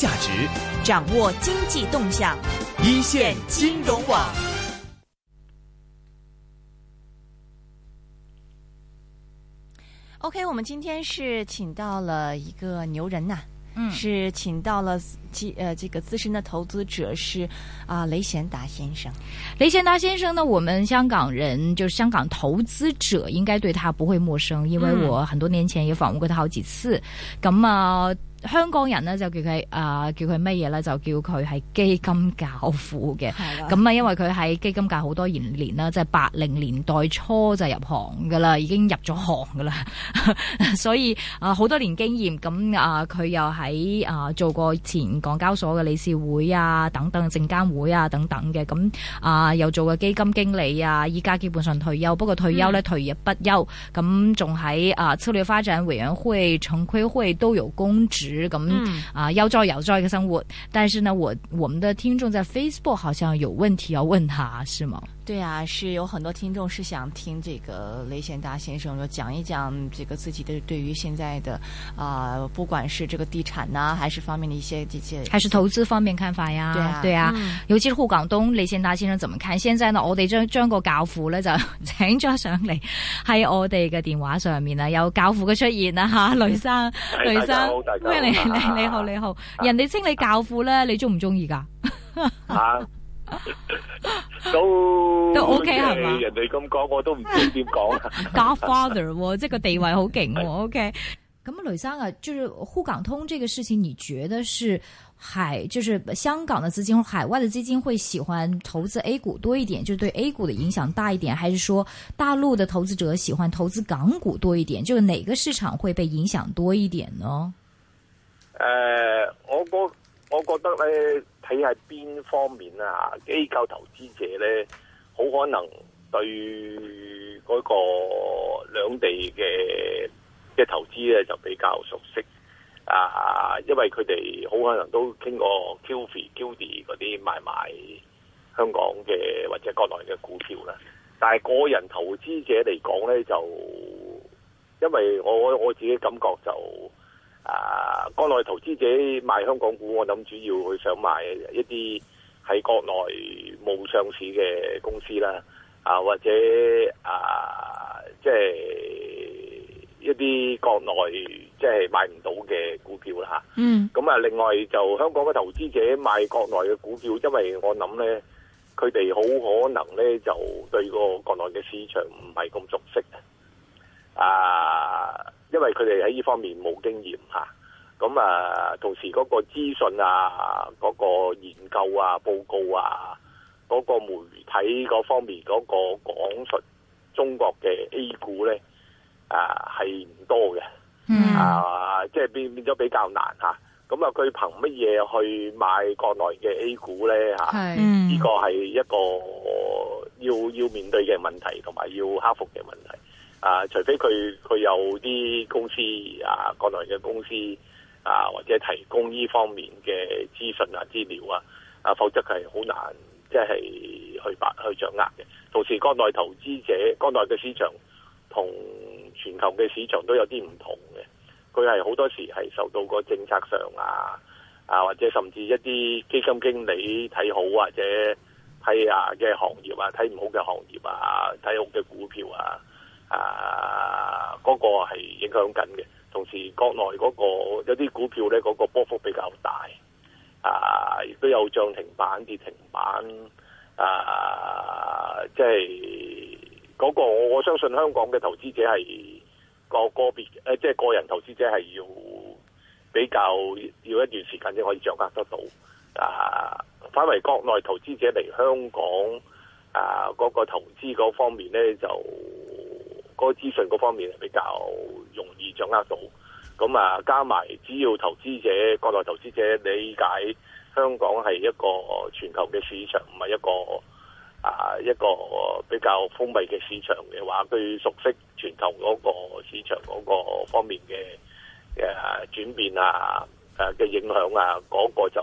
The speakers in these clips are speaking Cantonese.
價值掌握經濟動向，一線金融網。OK，我們今天是請到了一個牛人呐、啊，嗯、是請到了呃，這個資深的投資者是啊、呃，雷賢達先生。雷賢達先生呢，我們香港人，就是香港投資者應該對他不會陌生，因為我很多年前也訪問過他好幾次，咁啊、嗯。香港人呢，就叫佢啊、呃，叫佢乜嘢呢？就叫佢係基金教父嘅。係啦的。咁啊、嗯，因為佢喺基金界好多年年啦，即係八零年代初就入行噶啦，已經入咗行噶啦。 所以啊，好、呃、多年經驗。咁、呃、啊，佢又喺啊、呃、做過前港交所嘅理事會啊，等等證監會啊等等嘅。咁、呃、啊，又做過基金經理啊，依家基本上退休。不過退休呢，嗯、退而不休。咁仲喺啊策略發展委員會、重虧會都有公職。咁、嗯、啊，要照要照一個生活，但是呢，我我們的聽眾在 Facebook 好像有問題要問他，他是嗎？對啊，是有很多聽眾是想聽這個雷賢達先生就講一講，這個自己的對於現在的，啊、呃，不管是這個地產啊，還是方面的一些啲啲，些還是投資方面看法呀、啊。對啊，對啊，尤其是滬港東雷賢達先生怎麼看？現在呢，我哋將將個教父呢就請咗上嚟喺我哋嘅電話上面啦，有教父嘅出現啦、啊、吓，雷生，雷生，歡迎、啊、你，你好，你好，啊、人哋稱你教父呢，你中唔中意噶？啊！ 都都 OK 係嘛？人哋咁講， 我都唔知點講啊 Godfather 即係個地位好勁 ，OK。咁啊，雷生啊，就滬、是、港通呢個事情，你覺得是海就是香港嘅資金或海外嘅資金會喜歡投資 A 股多一點，就對 A 股嘅影響大一點，還是說大陸嘅投資者喜歡投資港股多一點？就是哪個市場會被影響多一點呢？誒、呃，我我我覺得咧。睇下邊方面啊？機構投資者咧，好可能對嗰個兩地嘅嘅投資咧就比較熟悉啊，因為佢哋好可能都傾過 QFII、QDII 嗰啲買賣香港嘅或者國內嘅股票啦。但係個人投資者嚟講咧，就因為我我自己感覺就。啊！國內投資者買香港股，我諗主要佢想買一啲喺國內冇上市嘅公司啦，啊或者啊即係一啲國內即係買唔到嘅股票啦嚇。嗯。咁啊，另外就香港嘅投資者買國內嘅股票，因為我諗呢，佢哋好可能呢就對個國內嘅市場唔係咁熟悉。啊，因為佢哋喺呢方面冇經驗吓，咁啊、呃，同時嗰個資訊啊，嗰、嗰個研究啊，報告啊，嗰個媒體嗰方面嗰個講述中國嘅 A 股咧，啊係唔多嘅，啊、mm. 即係變變咗比較難吓，咁啊佢憑乜嘢去買國內嘅 A 股咧吓？呢、啊 mm. 個係一個要要面對嘅問題，同埋要克服嘅問題。啊！除非佢佢有啲公司啊，國內嘅公司啊，或者提供呢方面嘅資訊啊、資料啊，啊，否則佢係好難，即係去把去掌握嘅。同時，國內投資者、國內嘅市場同全球嘅市場都有啲唔同嘅。佢係好多時係受到個政策上啊啊，或者甚至一啲基金經理睇好或者睇啊嘅行業啊，睇唔好嘅行業啊，睇好嘅股票啊。啊，嗰個係影響緊嘅。同時，國內嗰個有啲股票咧，嗰個波幅比較大，啊，亦都有漲停板、跌停板，啊即係嗰個我相信香港嘅投資者係個個別，誒即係個人投資者係要比較要一段時間先可以掌握得到。啊，反為國內投資者嚟香港啊，嗰個投資嗰方面咧就。嗰資訊嗰方面係比較容易掌握到，咁啊加埋只要投資者，國內投資者理解香港係一個全球嘅市場，唔係一個啊一個比較封閉嘅市場嘅話，對熟悉全球嗰個市場嗰個方面嘅誒、啊、轉變啊誒嘅、啊、影響啊，嗰、那個就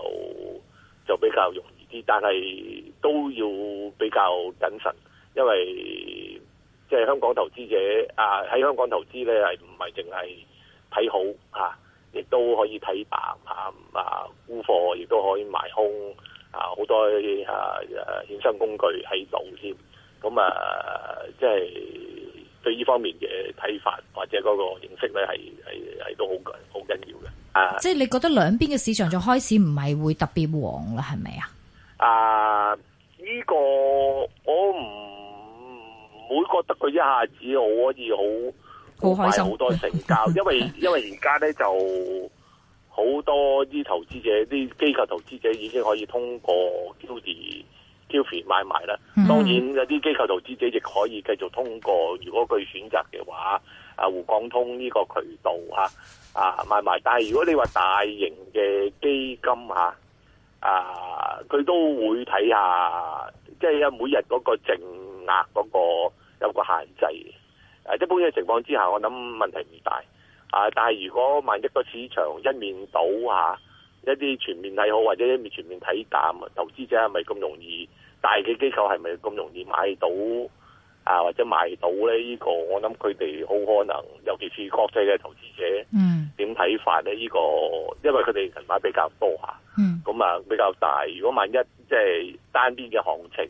就比較容易啲，但係都要比較謹慎，因為。即係香港投資者啊，喺香港投資咧係唔係淨係睇好嚇，亦、啊、都可以睇白，啊啊沽貨，亦都可以賣空啊，好多啊誒衍生工具喺度添。咁啊，即係對呢方面嘅睇法或者嗰個認識咧，係係係都好緊好緊要嘅啊。即係你覺得兩邊嘅市場就開始唔係會特別旺啦，係咪啊？啊，呢個我唔。唔會覺得佢一下子我可以好快好多成交，因為 因為而家咧，就好多啲投資者、啲機構投資者已經可以通過 Kuji、Kuji 買賣啦。當然有啲機構投資者亦可以繼續通過，如果佢選擇嘅話胡，啊，滬港通呢個渠道啊啊買賣。但係如果你話大型嘅基金嚇啊，佢都會睇下，即係每日嗰個淨。嗱，嗰個有個限制，誒、啊，一般嘅情況之下，我諗問題唔大，啊，但係如果萬一個市場一面倒嚇、啊，一啲全面睇好或者一面全面睇淡，投資者係咪咁容易？大嘅機構係咪咁容易買到啊？或者買到咧？依個我諗佢哋好可能，尤其是國際嘅投資者，嗯、mm.，點睇法咧？呢個因為佢哋銀碼比較多嚇，咁、mm. 啊比較大。如果萬一即係、就是、單邊嘅行情。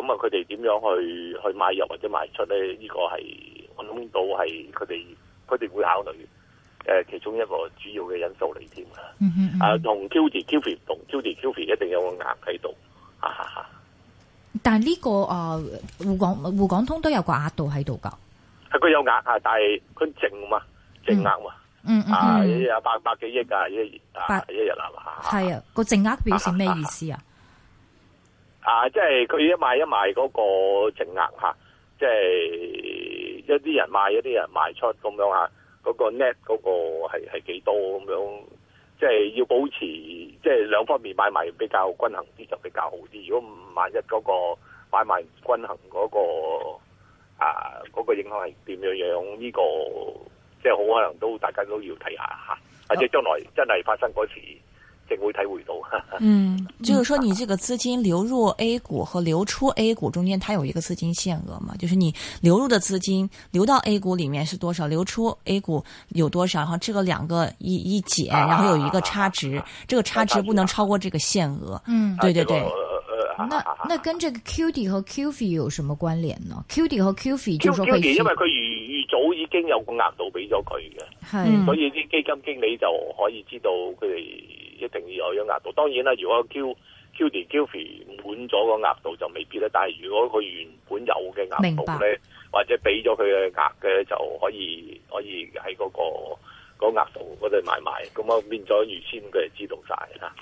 咁啊，佢哋點樣去去買入或者賣出咧？呢、這個係我諗到係佢哋佢哋會考慮誒、呃、其中一個主要嘅因素嚟添、嗯嗯嗯、啊！啊，同 QDQF 同 QDQF 一定有個額喺度啊哈哈！但係、這、呢個啊，滬港滬港通都有個額度喺度噶，係佢有額啊，但係佢淨嘛淨額嘛，嘛嗯，嗯嗯嗯，一日百百幾億噶，百一日啊嘛，係啊，個淨額表示咩意思啊？啊哈哈哈哈啊，即係佢一買一賣嗰個淨額吓，即、啊、係、就是、一啲人買，一啲人賣出咁樣吓，嗰、那個 net 嗰個係係幾多咁樣？即、就、係、是、要保持即係兩方面買賣比較均衡啲就比較好啲。如果萬一嗰個買唔均衡嗰、那個啊、那個影響係點樣樣呢、這個？即係好可能都大家都要睇下吓，或者將來真係發生嗰時。會體會到。嗯，就是說你這個資金流入 A 股和流出 A 股中間，它有一個資金限額嘛？就是你流入的資金流到 A 股裏面是多少，流出 A 股有多少，然後這個兩個一一減，然後有一個差值，啊啊啊、這個差值不能超過這個限額。嗯、啊，對對對。啊啊啊啊啊、那那跟這個 QD 和 QF 有什麼關聯呢？QD 和 QF 就是說會。QD 因為佢預早已經有個額度俾咗佢嘅，係、嗯，所以啲基金經理就可以知道佢哋。一定要有咗額度，當然啦。如果 Q QD QF 滿咗個額度，就未必咧，但係如果佢原本有嘅額度咧，白或者俾咗佢嘅額嘅咧，就可以可以喺嗰、嗰個嗰額、嗰個、度嗰度買賣，咁啊變咗預先佢係知道晒啦。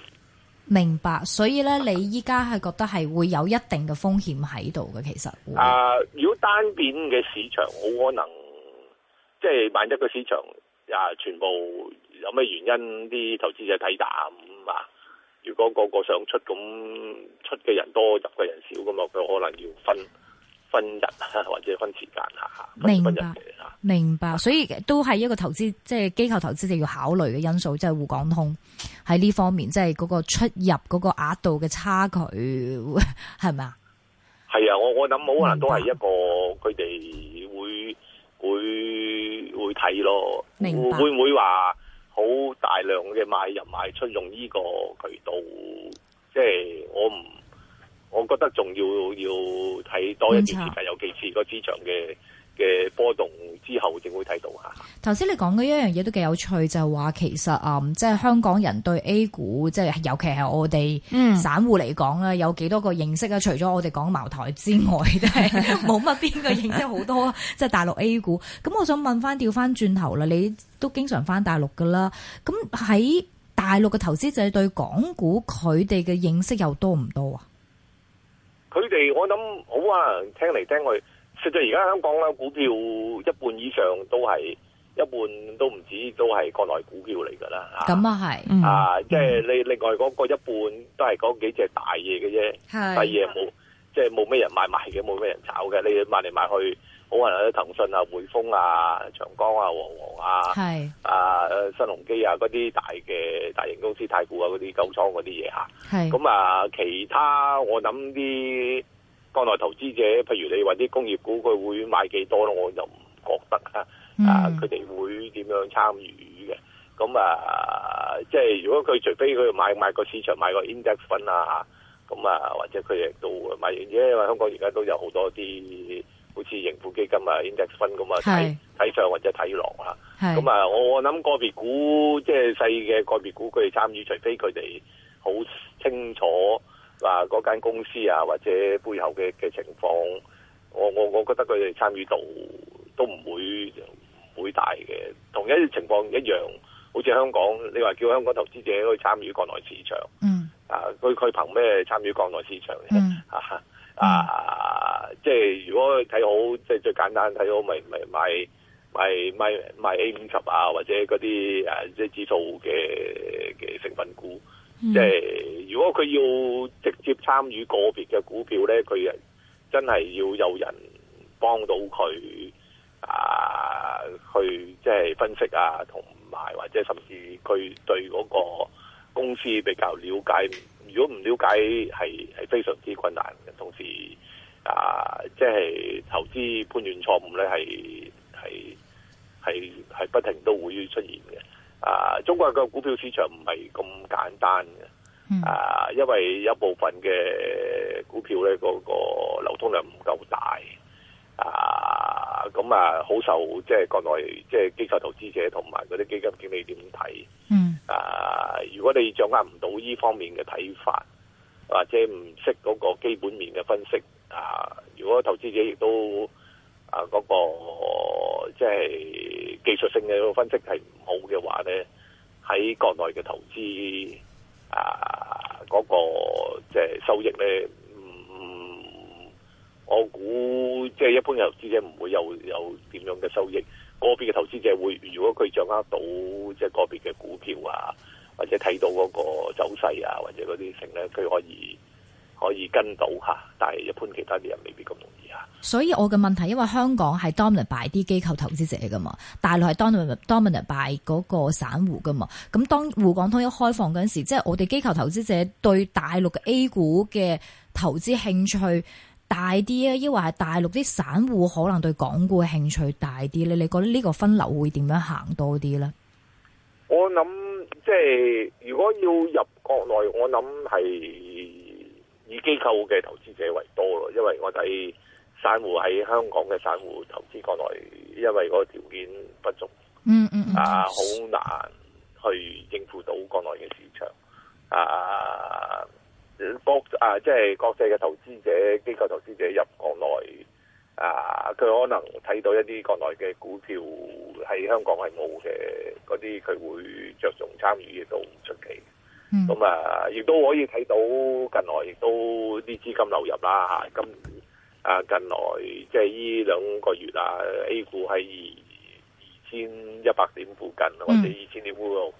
明白，所以咧你依家係覺得係會有一定嘅風險喺度嘅，其實。啊、呃，如果單邊嘅市場，好可能即係萬一個市場啊，全部。有咩原因？啲投資者睇淡啊？如果個個想出咁出嘅人多，入嘅人少嘅嘛，佢可能要分分日或者分時間啊。分分間明白，明白。所以都係一個投資，即係機構投資者要考慮嘅因素，即係滬港通喺呢方面，即係嗰個出入嗰個額度嘅差距係咪啊？係啊，我我諗好可能都係一個佢哋明白，會會會睇咯。明白，會唔會話？好大量嘅買入賣出用呢個渠道，即係我唔，我覺得仲要要睇多一段時間，尤其是個市場嘅。嘅波動之後，就會睇到吓。頭先你講嘅一樣嘢都幾有趣，就係話、是、其實啊，即、嗯、係、就是、香港人對 A 股，即係尤其係我哋散戶嚟講咧，嗯、有幾多個認識啊？除咗我哋講茅台之外，都係冇乜邊個認識好多。即係 大陸 A 股。咁我想問翻，調翻轉頭啦，你都經常翻大陸噶啦。咁喺大陸嘅投資者對港股，佢哋嘅認識又多唔多啊？佢哋，我諗好啊，聽嚟聽去。實際而家香港咧，股票一半以上都係一半都唔止，都係國內股票嚟噶啦。咁啊係，啊、嗯、即係你另外嗰個一半都係嗰幾隻大嘢嘅啫。是大嘢冇，即係冇咩人買賣嘅，冇咩人炒嘅。你買嚟買去，好可能係騰訊啊、匯豐啊、長江啊、黃黃啊，係是啊新鴻基啊嗰啲大嘅大型公司、太古啊嗰啲九倉嗰啲嘢吓。咁啊，是其他我諗啲。國內投資者，譬如你話啲工業股，佢會買幾多咯？我就唔覺得、嗯、啊，佢哋會點樣參與嘅？咁啊，即係如果佢除非佢買買個市場買個 index fund 啊，咁啊，或者佢亦都買嘅因為香港而家都有多好多啲好似盈富基金 fund，啊、index fund 咁啊，睇睇是上或者睇落啊。咁是啊，我我諗個別股即係細嘅個別股，佢哋參與，除非佢哋好清楚。嗱，嗰間公司啊，或者背後嘅嘅情況，我我我覺得佢哋參與度都唔會唔會大嘅。同一情況一樣，好似香港，你話叫香港投資者去參與國內市場，嗯，啊，佢佢憑咩參與國內市場呢？嗯，啊啊，即係如果睇好，即係最簡單睇好，咪咪買買買買 A 五十啊，或者嗰啲誒即係指數嘅嘅成分股。即係、嗯、如果佢要直接參與個別嘅股票咧，佢啊真係要有人幫到佢啊，去即係分析啊，同埋或者甚至佢對嗰個公司比較了解。如果唔了解，係係非常之困難嘅。同時啊，即係投資判斷錯誤咧，係係係係不停都會出現嘅。啊，中國嘅股票市場唔係咁簡單嘅，啊，因為有部分嘅股票咧，嗰個流通量唔夠大，啊，咁啊，好受即係國內即係機構投資者同埋嗰啲基金經理點睇。嗯，啊，如果你掌握唔到呢方面嘅睇法，或者唔識嗰個基本面嘅分析，啊，如果投資者亦都。啊，嗰個即係技術性嘅分析係唔好嘅話咧，喺國內嘅投資啊，嗰個即係收益咧，唔，我估即係一般投資者唔會有有點樣嘅收益。個別嘅投資者會，如果佢掌握到即係個別嘅股票啊，或者睇到嗰個走勢啊，或者嗰啲嘢咧，佢可以。可以跟到吓，但係一般其他啲人未必咁容易嚇。所以我嘅問題，因為香港係 dominant by 啲機構投資者噶嘛，大陸係 dominant dominant by 嗰個散戶噶嘛。咁當滬港通一開放嗰陣時，即係我哋機構投資者對大陸嘅 A 股嘅投資興趣大啲啊，抑或係大陸啲散戶可能對港股嘅興趣大啲咧？你覺得呢個分流會點樣行多啲咧？我諗即係如果要入國內，我諗係。以機構嘅投資者為多咯，因為我睇散戶喺香港嘅散戶投資國內，因為嗰個條件不足，嗯嗯嗯，啊好難去應付到國內嘅市場，啊國啊即係國際嘅投資者、機構投資者入國內，啊佢可能睇到一啲國內嘅股票喺香港係冇嘅，嗰啲佢會着重參與亦都唔出奇。咁啊，亦都、嗯嗯、可以睇到近來亦都啲資金流入啦吓，咁啊近來即係呢兩個月啊，A 股喺二千一百點附近，嗯、或者二千點附近，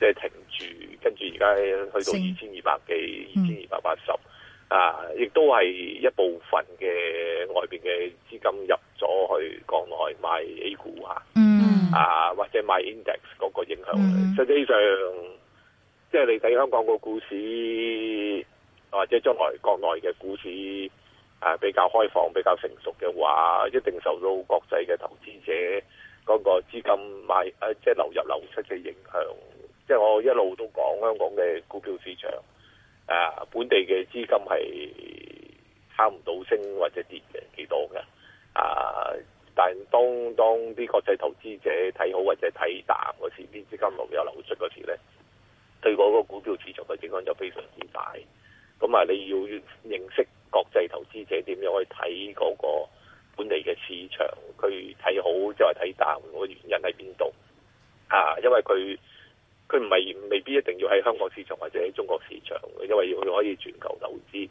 即係停住，跟住而家去到二千二百幾、二千二百八十啊，亦都係一部分嘅外邊嘅資金入咗去國內買 A 股吓，嗯、啊或者買 index 嗰個影響，嗯嗯、實際上。即係你睇香港個股市，或者將來國內嘅股市，誒、啊、比較開放、比較成熟嘅話，一定受到國際嘅投資者嗰個資金買誒、啊，即係流入流出嘅影響。即係我一路都講香港嘅股票市場，誒、啊、本地嘅資金係差唔到升或者跌嘅幾多嘅，啊！但當當啲國際投資者睇好或者睇淡嗰時，啲資金流入流出嗰時咧，對嗰個股票市場嘅影響就非常之大，咁啊你要認識國際投資者點樣去睇嗰個本地嘅市場，佢睇好即係睇淡淡，個原因喺邊度啊？因為佢佢唔係未必一定要喺香港市場或者喺中國市場，因為佢可以全球投資，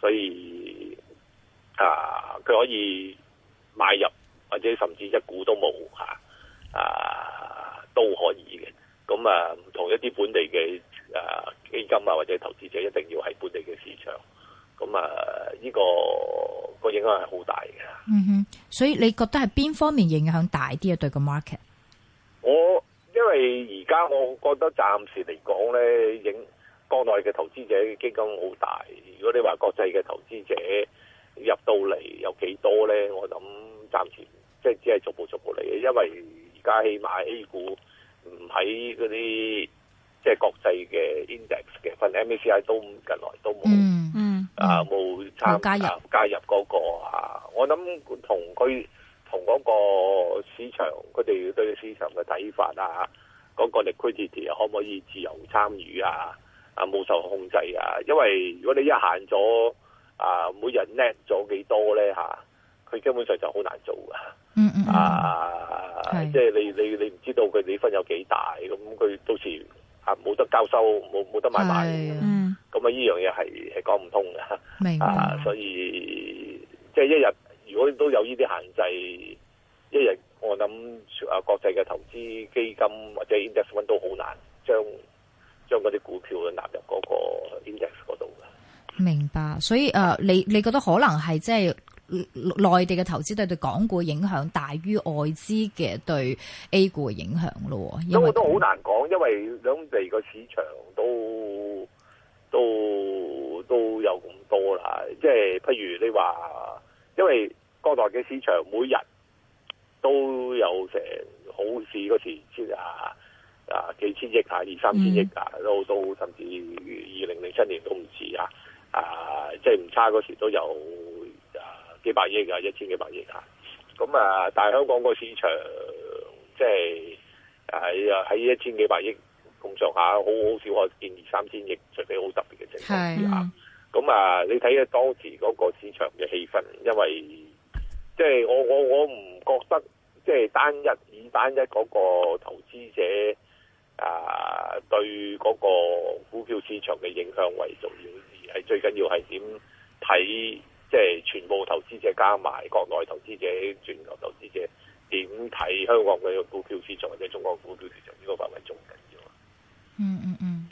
所以啊，佢可以買入或者甚至一股都冇吓啊都可以嘅。咁啊，唔同一啲本地嘅，誒基金啊，或者投資者一定要喺本地嘅市場，咁啊，呢個個影響係好大嘅。嗯哼，所以你覺得係邊方面影響大啲啊？對個 market，我因為而家我覺得暫時嚟講咧，影國內嘅投資者基金好大。如果你話國際嘅投資者入到嚟有幾多咧，我諗暫時即係只係逐步逐步嚟嘅，因為而家起碼 A 股，唔喺嗰啲即係國際嘅 index 嘅，份 MSCI 都近來都冇、嗯，嗯啊冇參加加入嗰、那個啊。我諗同佢同嗰個市場，佢哋對市場嘅睇法啊，個 liquidity，啊、可唔可以自由參與啊？啊冇受控制啊，因為如果你一行咗啊，每日 net 咗幾多咧吓。啊佢根本上就好難做噶，嗯嗯、啊，是即係你你你唔知道佢利分有幾大，咁佢到時啊冇得交收，冇冇得買賣，咁啊呢樣嘢係係講唔通嘅。明白啊，所以即係一日，如果都有呢啲限制，一日我諗啊國際嘅投資基金或者 index 分都好難將將嗰啲股票納入嗰個 index 嗰度嘅。明白，所以誒、呃，你你覺得可能係即係？內地嘅投資對對港股影響大於外資嘅對 A 股嘅影響咯，咁我都好難講，因為兩地個市場都都都有咁多啦。即係譬如你話，因為國內嘅市場每日都有成好市嗰時啊，啊啊幾千億啊，二三千億啊，都都、嗯、甚至二零零七年都唔止啊啊，即係唔差嗰時都有。幾百億啊，一千幾百億啊，咁啊，但係香港個市場即係喺喺一千幾百億咁上下，好好少可見二三千億，除非好特別嘅情況之下。咁啊是，你睇下當時嗰個市場嘅氣氛，因為即係、就是、我我我唔覺得即係、就是、單一以單一嗰個投資者啊、呃、對嗰個股票市場嘅影響為重要而，而係最緊要係點睇即係全。投資者加埋，國內投資者、全球投資者點睇香港嘅股票市場或者中國股票市場呢個範圍仲唔緊要？嗯嗯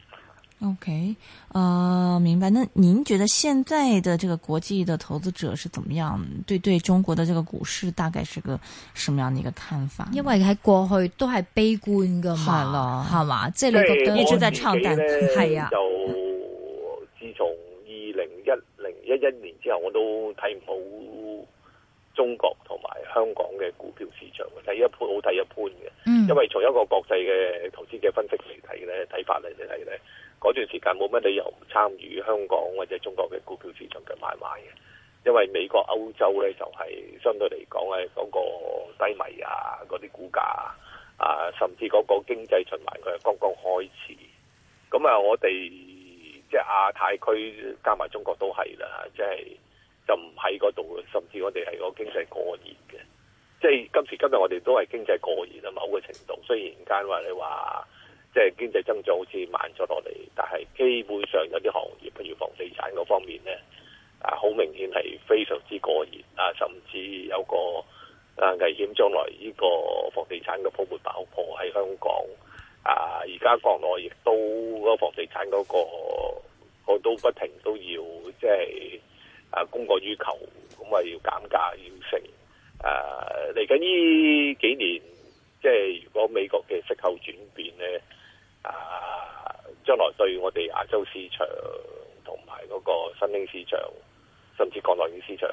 嗯，OK，啊、呃，明白。那您覺得現在的這個國際的投資者是怎麼樣？對對，對中國嘅這個股市大概是個什麼樣的一個看法？因為喺過去都係悲觀噶嘛，係咯哈，係嘛嗎？即係你覺得一直在唱淡，係啊、嗯？就自從二零一。一一年之後，我都睇唔好中國同埋香港嘅股票市場，睇一般好睇一般嘅，因為從一個國際嘅投資者分析嚟睇咧，睇法嚟嚟睇咧，嗰段時間冇乜理由參與香港或者中國嘅股票市場嘅買賣嘅，因為美國、歐洲咧就係、是、相對嚟講咧嗰個低迷啊，嗰啲股價啊，啊甚至嗰個經濟循環佢係剛剛開始，咁啊，我哋。即係亞太區加埋中國都係啦，即係就唔喺嗰度，甚至我哋係個經濟過熱嘅。即係今時今日，我哋都係經濟過熱啊，某個程度。雖然間話你話即係經濟增長好似慢咗落嚟，但係基本上有啲行業，譬如房地產嗰方面咧，啊好明顯係非常之過熱啊，甚至有個啊危險，將來呢個房地產嘅泡沫爆破喺香港。啊！而家國內亦都嗰個房地產嗰個，我都不停都要即係啊供過於求咁啊，要減價要成。誒嚟緊呢幾年，即係如果美國嘅息口轉變咧，啊將來對我哋亞洲市場同埋嗰個新興市場，甚至國內嘅市場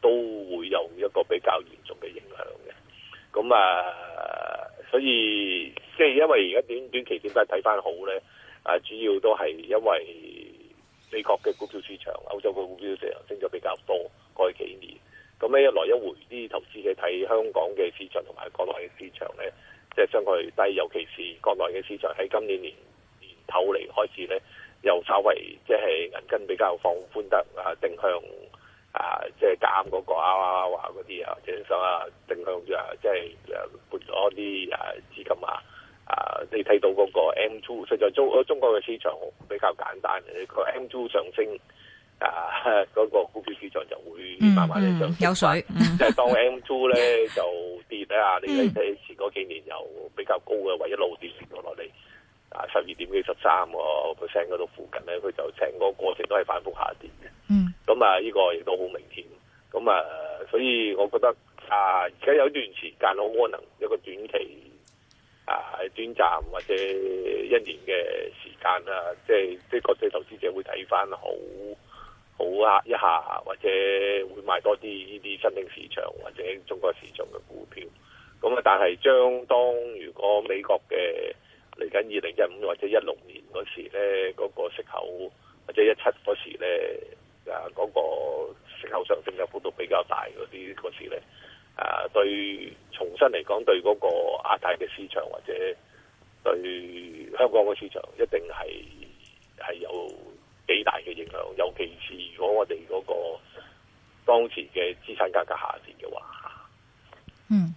都會有一個比較嚴重嘅影響嘅。咁啊、嗯，所以即係因為而家短短期點解睇翻好咧？啊，主要都係因為美國嘅股票市場、歐洲嘅股票市場升咗比較多過去幾年。咁、嗯、咧一來一回啲投資者睇香港嘅市場同埋國內嘅市場咧，即、就、係、是、相對低，尤其是國內嘅市場喺今年年，年頭嚟開始咧，又稍微即係銀根比較放寬得啊，定向。啊，即係減嗰個啊啊嗰啲啊，隻手啊定向啊，即係誒撥咗啲誒資金啊，啊你睇到嗰個 M2，實在中中國嘅市場比較簡單，佢 M2 上升啊，嗰、嗰個股票市場就會慢慢嚟漲、嗯嗯。有水，嗯、即係當 M2 咧就跌啦，嗯、你睇睇前嗰幾年又比較高嘅，唯一路跌跌咗落嚟，啊十二點幾十三個 percent 嗰度附近咧，佢就成個過程都係反覆下跌嘅。嗯咁啊，呢個亦都好明顯。咁啊，所以我覺得啊，而家有一段時間，好可能一個短期啊，短暫或者一年嘅時間啊，即係即係國際投資者會睇翻好好啊一下，或者會買多啲呢啲新興市場或者中國市場嘅股票。咁啊，但係將當如果美國嘅嚟緊二零一五或者一六年嗰時咧，嗰個息口或者一七嗰時咧。啊！嗰個息口上升嘅幅度比較大嗰啲個時咧，啊對重新嚟講對嗰個亞太嘅市場或者對香港嘅市場一定係係有幾大嘅影響，尤其是如果我哋嗰個當時嘅資產價格,格下跌嘅話，嗯。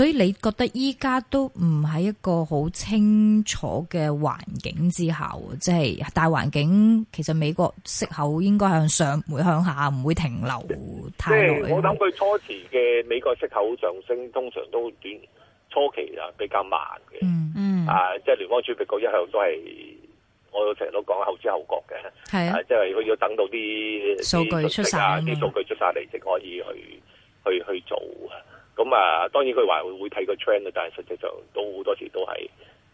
所以你覺得依家都唔係一個好清楚嘅環境之下，即係大環境其實美國息口應該向上，會向下唔會停留太耐。我諗佢初期嘅美國息口上升，通常都短初期啊，比較慢嘅、嗯。嗯啊，即係聯邦儲備局一向都係我成日都講後知後覺嘅。係、啊啊、即係佢要等到啲數據出晒啲數據出晒嚟即可以去去去，去，去做啊。咁啊、嗯，當然佢話會睇個趨勢，但係實際上都好多時都係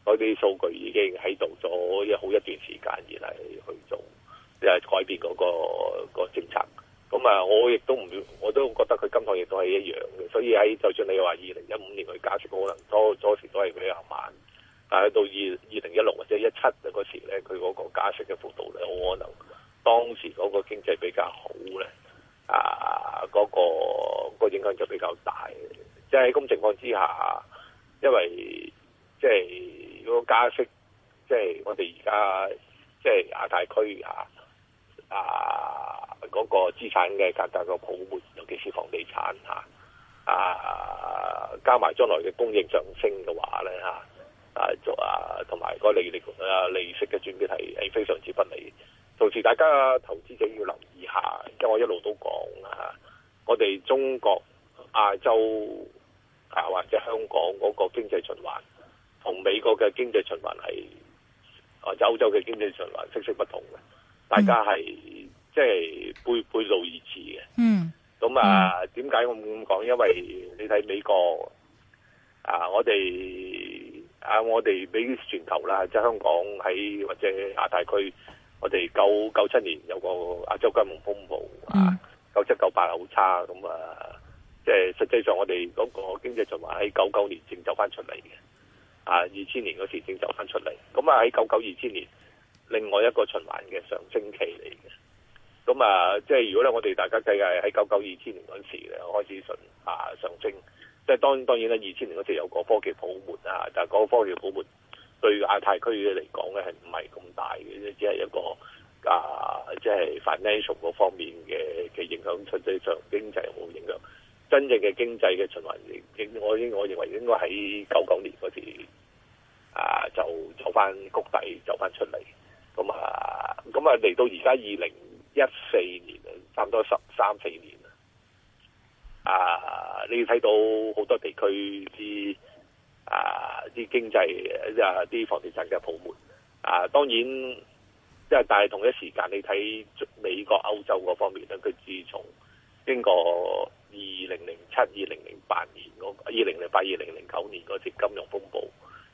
嗰啲數據已經喺度咗一好一段時間，而係去做又、即係、改變嗰、嗰個嗰個政策。咁、嗯、啊，我亦都唔，我都覺得佢今趟亦都係一樣嘅。所以喺就算你話二零一五年去加息，可能多多時都係比較慢。但係到二二零一六或者一七嗰時咧，佢嗰個加息嘅幅度咧，我可能當時嗰個經濟比較好咧，啊嗰、嗰個嗰個影響就比較大。即係咁情況之下，因為即係嗰個加息，即係我哋而家即係亞太區啊，啊、那、嗰個資產嘅價格個泡沫，尤其是房地產啊，啊加埋將來嘅供應上升嘅話咧嚇，啊就啊同埋個利率啊利息嘅轉變係係非常之不利。同時，大家投資者要留意下，因為我一路都講啊，我哋中國亞洲。啊啊，或者香港嗰個經濟循環，同美國嘅經濟循環係或者歐洲嘅經濟循環息息不同嘅。大家係、嗯、即係背背道而馳嘅。嗯，咁啊，點解我咁講？因為你睇美國啊，我哋啊，我哋比全球啦，即係香港喺或者亞太區，我哋九九七年有個亞洲金融風暴啊，九七九八好差咁啊。即係實際上，我哋嗰個經濟循環喺九九年正走翻出嚟嘅，啊，二千年嗰時正走翻出嚟。咁啊喺九九二千年，另外一個循環嘅上升期嚟嘅。咁啊，即係如果咧，我哋大家計計喺九九二千年嗰時咧，開始上啊上升。即係當當然啦，二千年嗰時有個科技泡沫啊，但係嗰個科技泡沫對亞太區嘅嚟講咧係唔係咁大嘅，只係一個啊，即係 financial 嗰方面嘅嘅影響，實際上經濟冇影響。真正嘅經濟嘅循環應應，我應我認為應該喺九九年嗰時啊，就走翻谷底，走翻出嚟。咁啊，咁啊嚟到而家二零一四年啊，年差唔多十三四年啦。啊，你睇到好多地區之啊，啲經濟啊，啲房地產嘅泡沫啊，當然即係但係同一時間，你睇美國、歐洲嗰方面咧，佢自從經過。二零零七、二零零八年，二零零八、二零零九年嗰次金融風暴，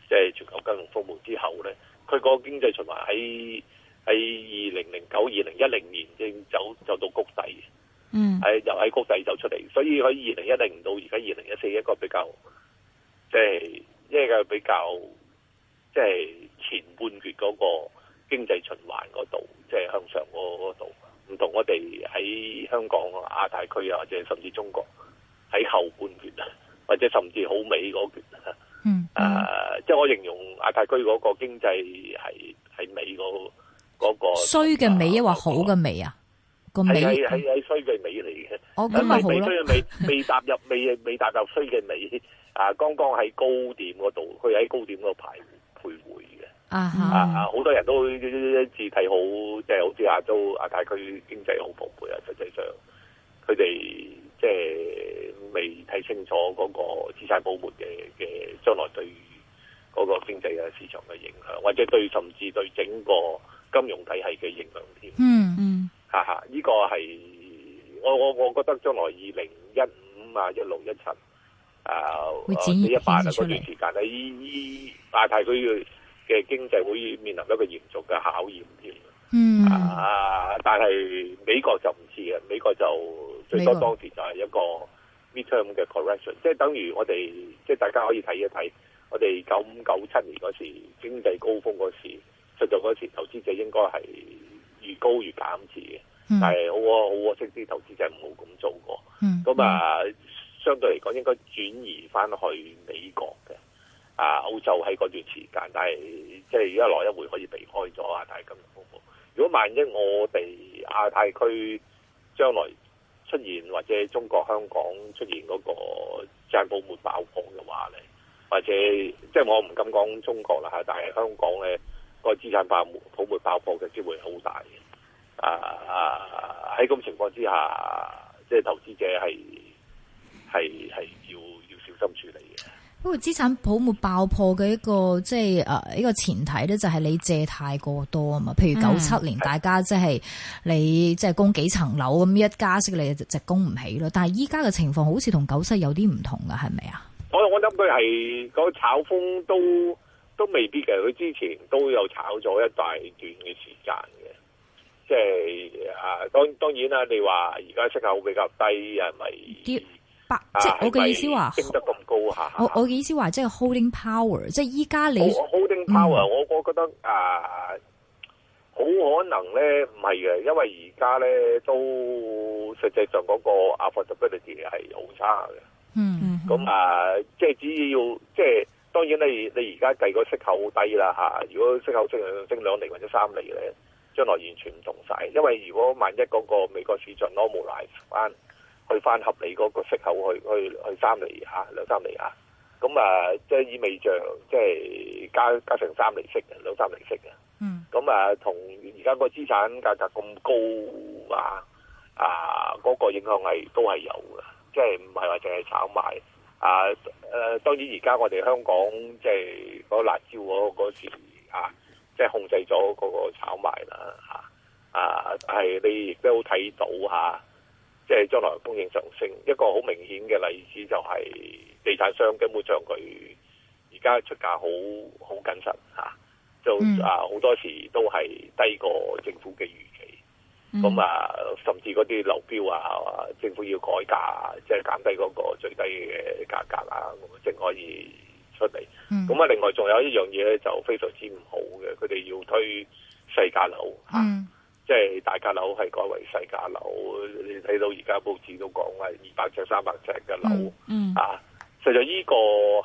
即係全球金融風暴之後呢，佢個經濟循環喺喺二零零九、二零一零年正走走到谷底，嗯，係又喺谷底走出嚟，所以喺二零一零到而家二零一四一個比較，即係一個比較，即係前半月嗰個經濟循環嗰度，即係向上嗰度。唔同我哋喺香港亞太區啊，或者甚至中國，喺後半段啊，或者甚至好尾嗰段，啊、嗯，嗯，誒、啊，即係我形容亞太區嗰個經濟係係尾嗰嗰衰嘅尾抑或好嘅尾啊？個尾係係衰嘅尾嚟嘅，未未衰嘅尾未踏入未未踏入衰嘅尾啊，剛剛喺高點度，佢喺高點嗰度徘徊。啊哈！Uh huh. 啊，好多人都只睇好，即係好似亞洲亞太區經濟好蓬勃啊！實際上，佢哋即係未睇清楚嗰個資產泡沫嘅嘅將來對嗰個經濟嘅市場嘅影響，或者對甚至對整個金融體系嘅影響添。嗯嗯、uh，嚇、huh. 嚇、啊！依、呢個係我我我覺得將來二零一五啊一六一七啊，二一八嗰段時間咧，依依亞太區嘅。嘅經濟會面臨一個嚴重嘅考驗添。嗯、mm hmm. 啊，但係美國就唔知，嘅，美國就最多當時就係一個 mid-term 嘅 correction，美國。即係等於我哋即係大家可以睇一睇我哋九五九七年嗰時經濟高峰嗰時出咗嗰時，投資者應該係越高越減持嘅，mm hmm. 但係好啊好啊，可惜啲投資者唔好咁做過。咁啊、mm，hmm. 相對嚟講應該轉移翻去美國嘅。啊！歐洲喺嗰段時間，但係即係而家來一回可以避開咗啊！但係金融風暴，如果萬一我哋亞太區將來出現或者中國香港出現嗰個資產泡沫爆破嘅話咧，或者即係我唔敢講中國啦嚇，但係香港咧個資產泡沫泡沫爆破嘅機會好大嘅。啊！喺咁情況之下，即係投資者係係係要要小心處理嘅。不過資產泡沫爆破嘅一個即係誒，一個前提咧就係你借太過多啊嘛。譬如九七年，大家即係你即係供幾層樓咁，嗯、一加息你就直供唔起咯。但係依家嘅情況好似同九七有啲唔同噶係咪啊？我我諗佢係個炒風都都未必嘅，佢之前都有炒咗一大段嘅時間嘅。即、就、係、是、啊，當然當然啦，你話而家息口比較低，係咪？啊、即係、啊、我嘅意思話，升得咁高吓。我我嘅意思話、啊、即係、啊、holding power、嗯。即係依家你 holding power，我我覺得誒、好、啊、可能咧唔係嘅，因為而家咧都實際上嗰個 affordability 係好差嘅。嗯，嗯，嗯。咁啊，即係只要即係，當然咧，你而家計個息口好低啦吓、啊。如果息口升兩升兩厘或者三厘咧，將來完全唔同晒。因為如果萬一嗰個美國市場 normalize 翻。去翻合理嗰個息口去去去三厘嚇兩三厘啊，咁啊即係意味著即係加加成三厘息兩三厘息，嗯、啊。嗯，咁啊同而家個資產價格咁高啊啊嗰、嗰個影響係都係有嘅，即係唔係話淨係炒賣啊，誒、呃、當然而家我哋香港即係嗰個辣椒嗰、嗰、嗰、個上升一個好明顯嘅例子，就係地產商，根本上佢而家出價好好謹慎嚇、啊，就、嗯、啊好多時都係低過政府嘅預期，咁、嗯、啊甚至嗰啲樓標啊，政府要改價，即係減低嗰個最低嘅價格啊，咁先可以出嚟。咁、嗯、啊，另外仲有一樣嘢咧，就非常之唔好嘅，佢哋要推細價樓嚇。嗯啊即係大價樓係改為細價樓。你睇到而家報紙都講係二百尺、三百尺嘅樓啊。實在，呢個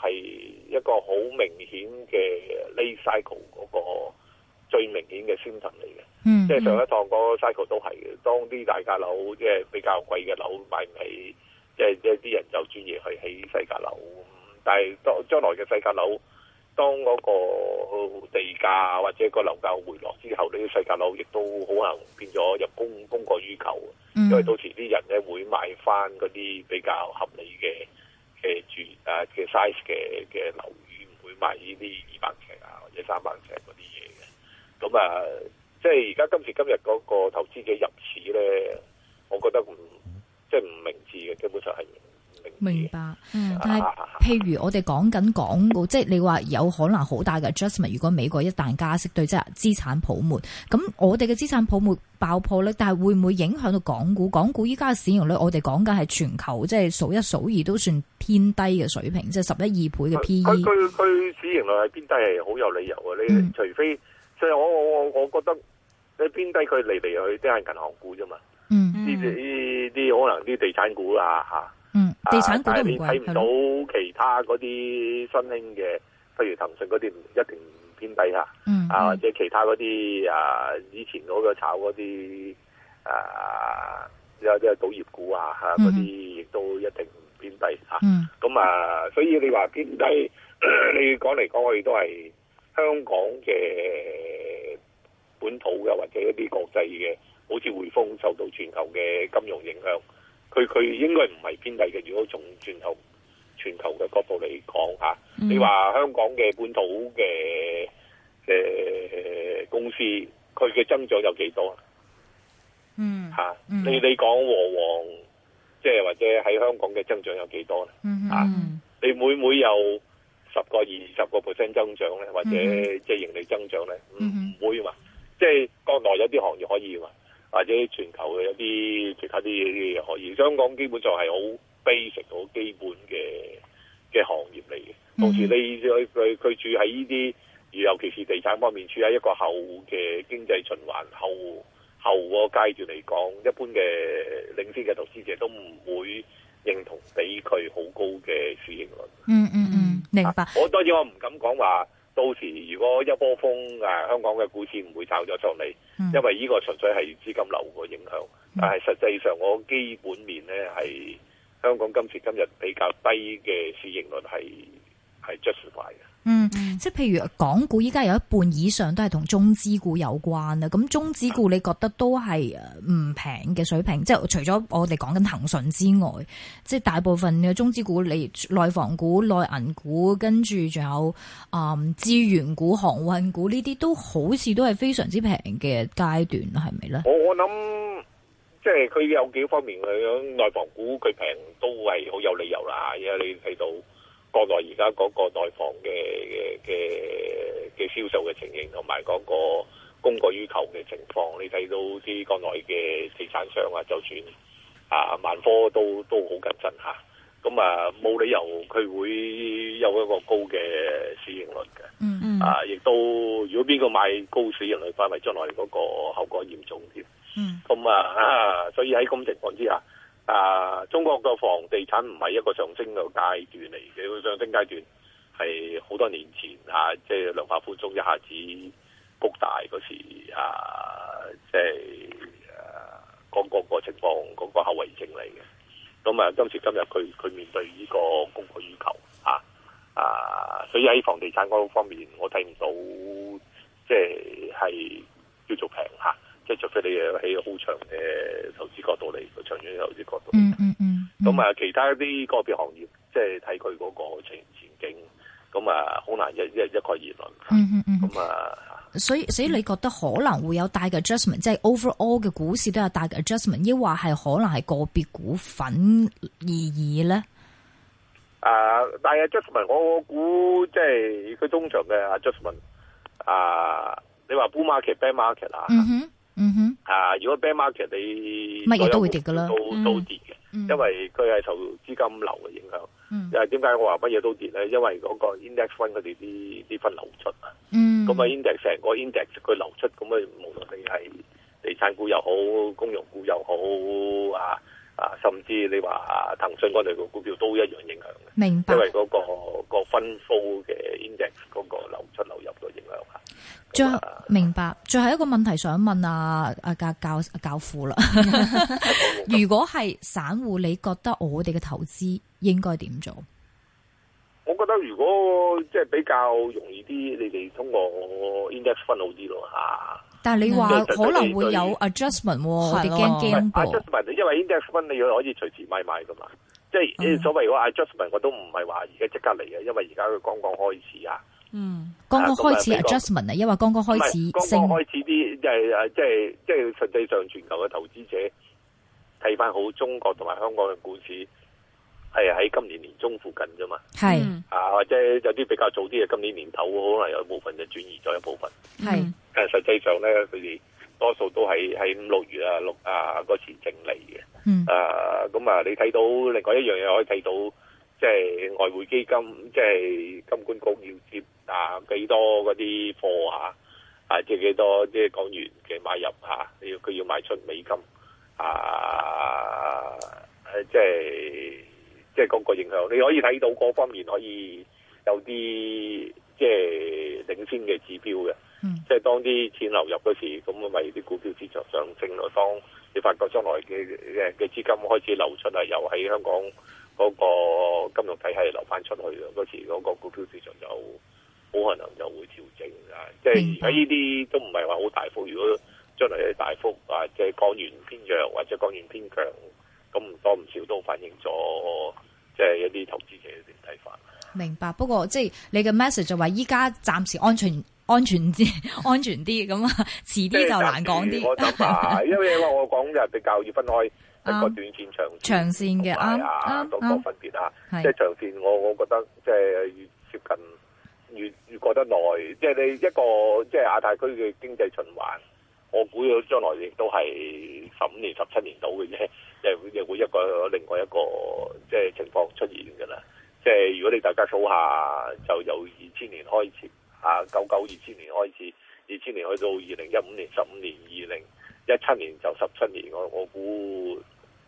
係一個好明顯嘅 late cycle 嗰個最明顯嘅 symptom 嚟嘅。嗯、即係上一趟個 cycle 都係嘅，當啲大價樓即係比較貴嘅樓買唔起，即係即係啲人就專業去起細價樓。但係當將來嘅細價樓當嗰個地價或者個樓價回落之後，啲世界樓亦都好可能變咗入供供過於求，因為到時啲人咧會買翻嗰啲比較合理嘅嘅住啊嘅 size 嘅嘅樓宇，唔會買呢啲二百尺啊或者三百尺嗰啲嘢嘅。咁啊，即係而家今時今日嗰個投資者入市咧，我覺得唔即係唔明智嘅，基本上係。明白，嗯、但係譬如我哋講緊港股，即係你話有可能好大嘅 adjustment，如果美國一旦加息，對即係資產泡沫，咁我哋嘅資產泡沫爆破咧，但係會唔會影響到港股？港股依家嘅市盈率，我哋講緊係全球即係數一數二，都算偏低嘅水平，即係十一二倍嘅 PE。佢佢市盈率係偏低，係好有理由啊！你、嗯、除非即係我我我我覺得你偏低離離，佢嚟嚟去都係銀行股啫嘛、嗯。嗯呢啲可能啲地產股啊。吓。地產股都睇唔、啊、到其他嗰啲新興嘅，的譬如騰訊嗰啲，一定偏低，吓、嗯。啊，或者其他嗰啲啊，以前嗰個炒嗰啲啊，有啲係賭業股啊，吓嗰啲亦都一定偏低。吓。咁啊，所以你話偏低、嗯， 你講嚟講去都係香港嘅本土嘅，或者一啲國際嘅，好似匯豐受到全球嘅金融影響。佢佢應該唔係偏低嘅，如果從全球全球嘅角度嚟講嚇，嗯、你話香港嘅本土嘅誒、呃、公司，佢嘅增長有幾多啊、嗯？嗯嚇，你你講和黃，即、就、係、是、或者喺香港嘅增長有幾多咧、嗯？嗯、啊、你每每有十個二十個 percent 增長咧，或者即係盈利增長咧，唔、嗯嗯、會嘛？即、就、係、是、國內有啲行業可以嘛？或者全球嘅一啲其他啲嘢可以，香港基本上係好 basic 好基本嘅嘅行業嚟嘅。同似時你佢佢佢處喺呢啲，尤其是地產方面，處喺一個後嘅經濟循環後後個階段嚟講，一般嘅領先嘅投資者都唔會認同俾佢好高嘅市盈率。嗯嗯嗯，明白。多我當然我唔敢講話。到時如果一波風，誒、啊、香港嘅股市唔會炒咗出嚟，mm. 因為呢個純粹係資金流個影響，但係實際上我基本面咧係香港今時今日比較低嘅市盈率係係 justify 嘅。嗯，即係譬如港股依家有一半以上都係同中資股有關啦，咁中資股你覺得都係誒唔平嘅水平，即係除咗我哋講緊騰訊之外，即係大部分嘅中資股、你內房股、內銀股，跟住仲有啊嗯、資源股、航運股呢啲都好似都係非常之平嘅階段，係咪咧？我我諗即係佢有幾方面，佢內房股佢平都係好有理由啦，因為你睇到。國內而家嗰個內房嘅嘅嘅銷售嘅情形，同埋嗰個供過於求嘅情況，你睇到啲國內嘅地產商啊，就算啊萬科都都好謹慎吓，咁啊冇理由佢會有一個高嘅市盈率嘅。嗯，嗯嗯，啊就是，啊，亦都如果邊個買高市盈率翻嚟將來嗰個後果嚴重添，嗯，咁啊啊，嗯，所以喺咁情況之下。啊！中國個房地產唔係一個上升嘅階段嚟嘅，上升階段係好多年前嚇、啊，即係量化寬鬆一下子谷大嗰時啊，即係誒嗰個情況嗰、嗰個後遺症嚟嘅。咁啊，今時今日佢佢面對呢個供過於求嚇啊，啊，所以喺房地產嗰方面，我睇唔到即係係叫做平嚇。即係除非你起好長嘅投資角度嚟，長遠嘅投資角度。嚟、嗯。嗯嗯。咁啊，其他啲個別行業，即係睇佢嗰個前前景。咁、嗯嗯嗯、啊，好難一一一概而論。咁啊，所以所以你覺得可能會有大嘅 adjustment，即係 overall 嘅股市都有大嘅 adjustment，抑或係可能係個別股份而已咧？誒、呃，但係 adjustment，我估即係佢通常嘅 adjustment、呃。啊，你話 bull market, market、嗯、bear market 啊？嗯哼，啊，如果 bear market 你乜嘢都，都會跌噶啦，嗯、都都跌嘅，因為佢係受資金流嘅影響。又係點解我話乜嘢都跌咧？因為嗰個 index fund 佢哋啲啲分流出啊。咁啊，index 成個 index 佢 ind 流出，咁啊，無論你係地產股又好，公用股又好啊啊，甚至你話騰訊嗰類嘅股票都一樣影響嘅。明白。因為嗰、那個分個分數嘅 index 嗰個流出流入。最明白，最後一個問題想問阿、啊、阿、啊、教教父啦。 如果係散戶，你覺得我哋嘅投資應該點做？我覺得如果即係、就是、比較容易啲，你哋通過 index fund 好啲咯吓。啊、但係你話、嗯、對可能會有 adjustment，對我哋驚 g a m b l adjustment，因為 index 分你可以隨時買買噶嘛。即、就、係、是、所謂我 adjustment，我都唔係話而家即刻嚟嘅，因為而家佢剛剛開始啊。嗯，剛剛開始 adjustment 啊，因為剛剛開始，剛剛、嗯、開始啲即係即係即係，實際上全球嘅投資者睇翻好中國同埋香港嘅股市係喺今年年中附近啫嘛，係是啊，或者有啲比較早啲嘅，今年年頭可能有部分就轉移咗一部分，係是、嗯、但係實際上咧佢哋多數都係喺五六月，月啊六啊、嗰個前程嚟嘅，嗯咁啊，啊你睇到另外一樣嘢可以睇到即係外匯基金即係金管局要接。啊，幾多嗰啲貨嚇？啊，即幾多即港元嘅買入嚇？啊、要佢要賣出美金啊？誒、啊，即係即係嗰個影響，你可以睇到嗰方面可以有啲即係領先嘅指標嘅。即係、嗯、當啲錢流入嗰時，咁咪啲股票市場上升咯。當你發覺將來嘅嘅嘅資金開始流出啦，又喺香港嗰個金融體系流翻出去嗰時，嗰、嗰個股票市場就～好，可能就會調整㗎，即係而家呢啲都唔係話好大幅。如果將來有大幅啊，即係降完偏弱或者降完偏強，咁唔多唔少都反映咗，即係一啲投資者嘅睇法。明白。不過即係你嘅 message 就話，依家暫時安全、安全啲、安全啲咁啊，遲啲就難講啲。因為我我講嘅比較要分開一 個短線、長長線嘅啊啊多分別啊。即係長線，我我覺得即係越接近。越越過得耐，即係你一個即係亞太區嘅經濟循環，我估到將來亦都係十五年、十七年到嘅啫，即係會又會一個另外一個即係情況出現㗎啦。即係如果你大家數下，就由二千年開始嚇，九九二千年開始，二、啊、千年去到二零一五年十五年，二零一七年就十七年，我我估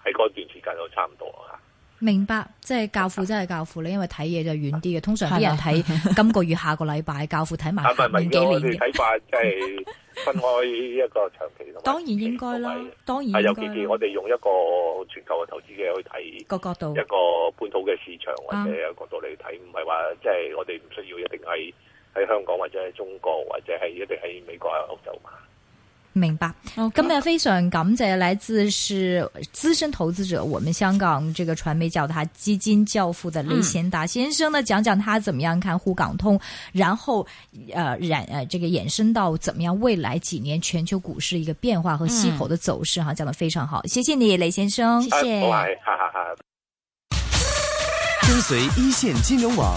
喺嗰段時間就差唔多嚇。明白，即係教父真係教父咧，啊、因為睇嘢就遠啲嘅。通常啲人睇今個月、下個禮拜，啊、教父睇埋年幾年睇、啊、法即係分開一個長期。 當然應該啦，當然係、啊、有啲嘅。我哋用一個全球嘅投資嘅去睇個角度，一個本土嘅市場或者一個角度嚟睇，唔係話即係我哋唔需要一定係喺香港或者喺中國，或者係一定喺美國、喺歐洲嘛。明白，今日非常感謝來自是資深投資者，我們香港這個傳媒叫他基金教父的雷賢達先生呢，講講他怎麼樣看滬港通，然後，呃，染、呃，這個衍生到怎麼樣未來幾年全球股市一個變化和息口的走勢哈、嗯啊，講得非常好，謝謝你，雷先生，謝謝，跟隨一線金融網。